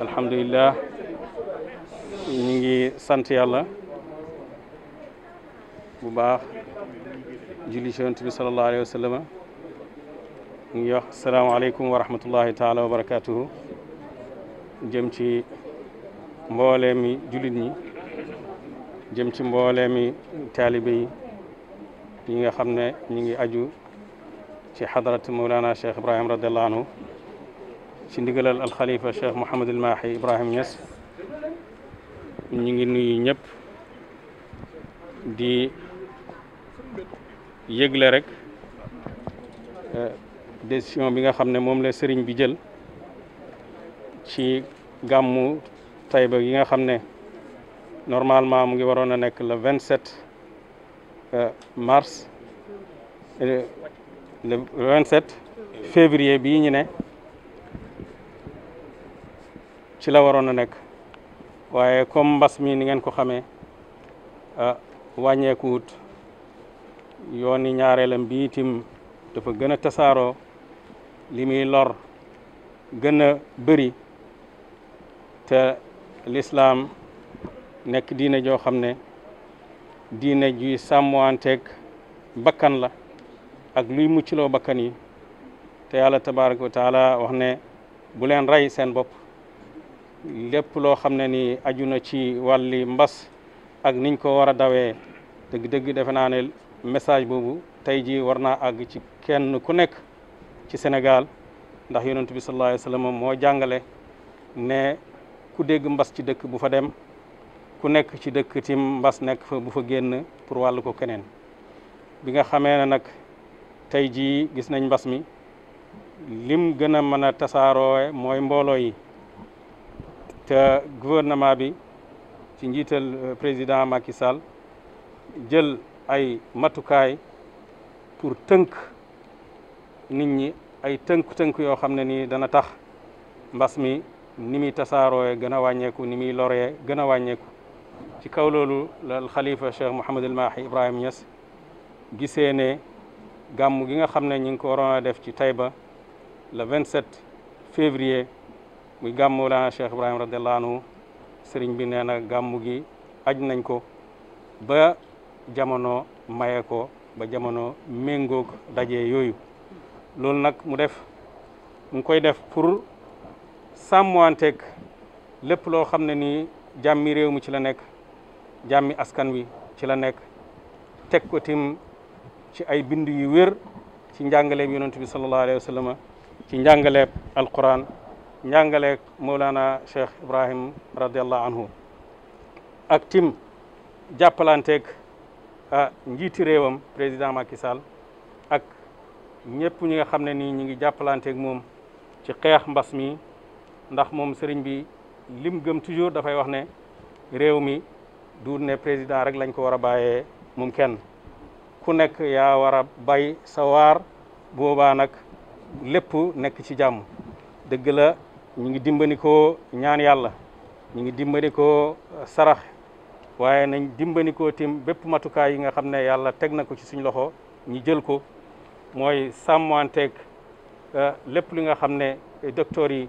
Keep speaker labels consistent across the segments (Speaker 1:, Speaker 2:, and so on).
Speaker 1: الحمد لله نيجي سانتي الله بو باخ جولي شنت صلى الله عليه وسلم نيجي السلام عليكم ورحمه الله تعالى وبركاته جيم سي جلدني جوليت ني جيم نيجي مبولمي طالبي نيغا خامني نيغي حضره مولانا شيخ ابراهيم رضي الله عنه سندقل الخليفة الشيخ محمد الماحي إبراهيم ياسف نيغي نوي نيب دي يغلى رك ديسيون بيغا خامني موم لا سيرين بي جيل سي غامو طيبه ييغا خامني نورمالمون موغي ورونا نيك لو 27 مارس لو 27 فيفري بي ني ci la waroon a nekk waaye comme mbas mi ni ngeen ko xamee wàññeekuwut yoon yoni ñaareelam bi tim dafa gëna tassaro limi lor gëna te l'islam nek diine jo xam ne diine juy sàmmanteeg bakkan la ak luy muccilo bakkan yi te yalla tabaaraku taala ala ohne bu len ray sen bop lépp loo xam ne ni aju ci wàlli mbas ak niñ ko war a dawee dëgg-dëgg defe naa ne message boobu tey jii war naa àgg ci kenn ku nekk ci senegal ndax yonent bi sallallahu alayhi moo jàngale ne ku dégg mbas ci dëkk bu fa dem ku nekk ci dëkk tim mbas nekk fa bu fa génn pour wàllu ko keneen bi nga xamee ne nag tey jii gis nañ mbas mi lim gën a mën a tasaaroo mooy mbooloo yi te gouvernement bi ci njiital euh, président Macky Sall jël ay matukaay pour tënk nit ñi ay tënk-tënk yoo xam ne nii dana tax mbas mi ni muy tasaarooye gën a wàññeeku ni muy loree gën a wàññeeku ci kaw loolu la xalifa Cheikh Mouhamadul Mahi Ibrahima Niass gisee ne gàmm gi nga xam ne ñi ngi ko waroon a def ci Taïba le 27 février muy gàmm Mawlana Cheikh Ibrahim radiyallahu anhu sëriñ bi nee na gàmm gi aj nañ ko ba jamono maye ko ba jamono méngoog daje yooyu loolu nag mu def mu koy def pour sàmmanteeg lépp loo xam ne ni jàmmi réew mu ci la nekk jàmmi askan wi ci la nekk teg ko tim ci ay bind yu wér ci njàngaleeb yonent bi sallallahu alayhi wa sallam ci njàngaleeb alquran njàngaleeg Mawlana Cheikh Ibrahim radiallahu anhu ak tim jàppalanteeg njiiti réewam président Macky Sall ak ñëpp ñi nga xam ne nii ñu ngi jàppalanteeg moom ci xeex mbas mi ndax moom sëriñ bi lim gëm toujours dafay wax ne réew mi du ne président rek lañ ko war a bàyyee moom kenn ku nekk yaa war a bay sa waar boobaa nag lépp nekk ci jàmm dëgg ñu ngi dimbali ko ñaan yàlla ñu ngi dimbali ko uh, sarax waaye nañ dimbali ko tim bépp matukaay yi nga xam ne yàlla teg na ko ci suñ loxo ñu jël ko mooy sàmmanteeg uh, lépp li nga xam ne uh, docteur yi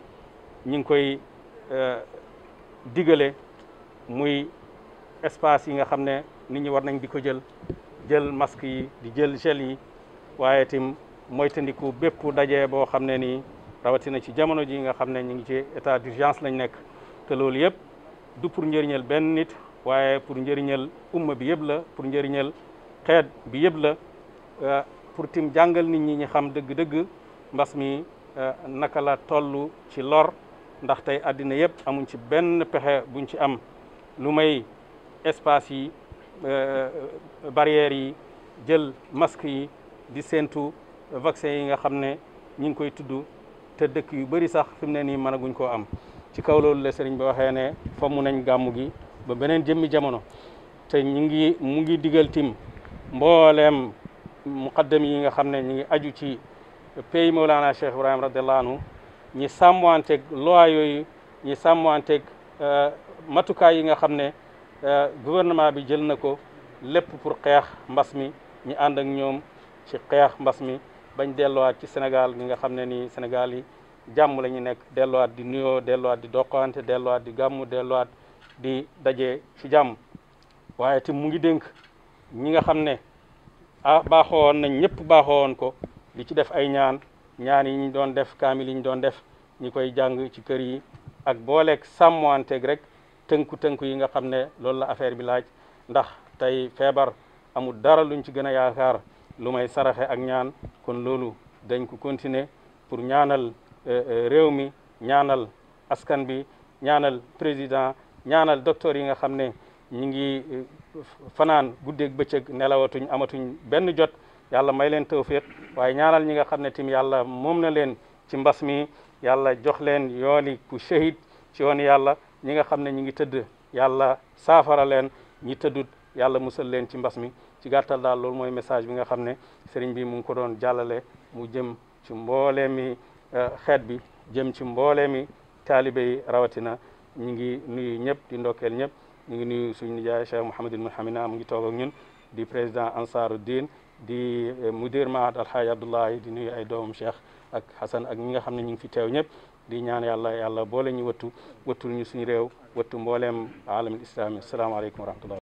Speaker 1: ñu ngi koy digale muy espace yi nga xam ne nit ñi war nañ di ko jël jël masque yi di jël gel yi waaye tim moytandiku bépp daje boo xam ne nii rawatina ci jamono ji nga xam ne ñu ngi ci état d'urgence lañ nekk te loolu yëpp du pour njëriñal benn nit waaye pour njëriñal umma bi yëpp la pour njëriñal bi yëpp la euh, pour tim jàngal nit ñi ñi xam dëgg-dëgg mbas mi euh, naka la toll ci lor ndax tey àddina yëpp amuñ ci benn pexe buñ ci am lu may espace yi euh, barrières yi jël masque yi di séentu vaccin yi nga xam ne ñi ngi koy tudd te dëkk yu bëri sax fi mu ne nii mënaguñ ko am ci kaw loolu la sëriñ bi waxee ne fomu nañ gàmmu gi ba beneen jëmmi jamono te ñu ngi mu ngi digal tim mboolem muqaddam yi nga xam ne ñu ngi aju ci pays Mawlana Cheikh Ibrahim radiallahu ñi sàmmanteeg loi yooyu ñi sàmmanteeg euh, matukaay yi nga xam ne euh, gouvernement bi jël na ko lépp pour xeex mbas mi ñi ànd ak ñoom ci xeex mbas mi bañ delluwaat ci Sénégal gi nga xam ne nii Sénégal yi jàmm la ñu nekk delluwaat di nuyoo delluwaat di doqante delluwaat di gàmm delluwaat di daje ci jàmm waaye te mu ngi dénk ñi nga xam ne ah baaxoo woon nañ ñëpp baaxoo woon ko di ci def ay ñaan ñaan yi doon def kaamil yi ñu doon def ñi koy jàng ci kër yi ak booleeg sàmmanteeg rek tënku-tënku yi nga xam ne loolu la affaire bi laaj ndax tey feebar amul dara luñ ci gën a yaakaar lu may saraxe ak ñaan kon loolu dañ ko continuer pour ñaanal euh, euh, réew mi ñaanal askan bi ñaanal président ñaanal docteur yi nga xam ne ñi ngi euh, fanaan guddeeg bëccëg nelawatuñ amatuñ benn jot yàlla may leen tawfiq waaye ñaanal ñi nga xam ne tim yàlla moom na leen ci mbas mi yàlla jox leen yooni ku shahid ci yoon yàlla ñi nga xam ne ñi ngi tëdd yàlla saafara leen ñi tëddut yàlla musal leen ci mbas mi ci gàttal daal loolu mooy message bi nga xam ne sëriñ bi mu ngi ko doon jàllale mu jëm ci mboolee mi euh, xeet bi jëm ci mboolee mi taalibe yi rawatina ñu ngi nuyu ñëpp di ndokkeel ñëpp ñu ngi nuyu suñu nijaay Cheikh Mouhamadul Mouhamina mu ngi toog ak ñun di président Ansaru Diin di euh, mudir Mahad Alhaaji Abdoulaye di nuyu ay doomam Cheikh ak Hassan ak ñi nga xam ne ñu ngi fi tew ñëpp di ñaan yàlla yàlla boole ñu wattu wattul ñu suñu réew wattu mbooleem alamul islami asalaamaaleykum wa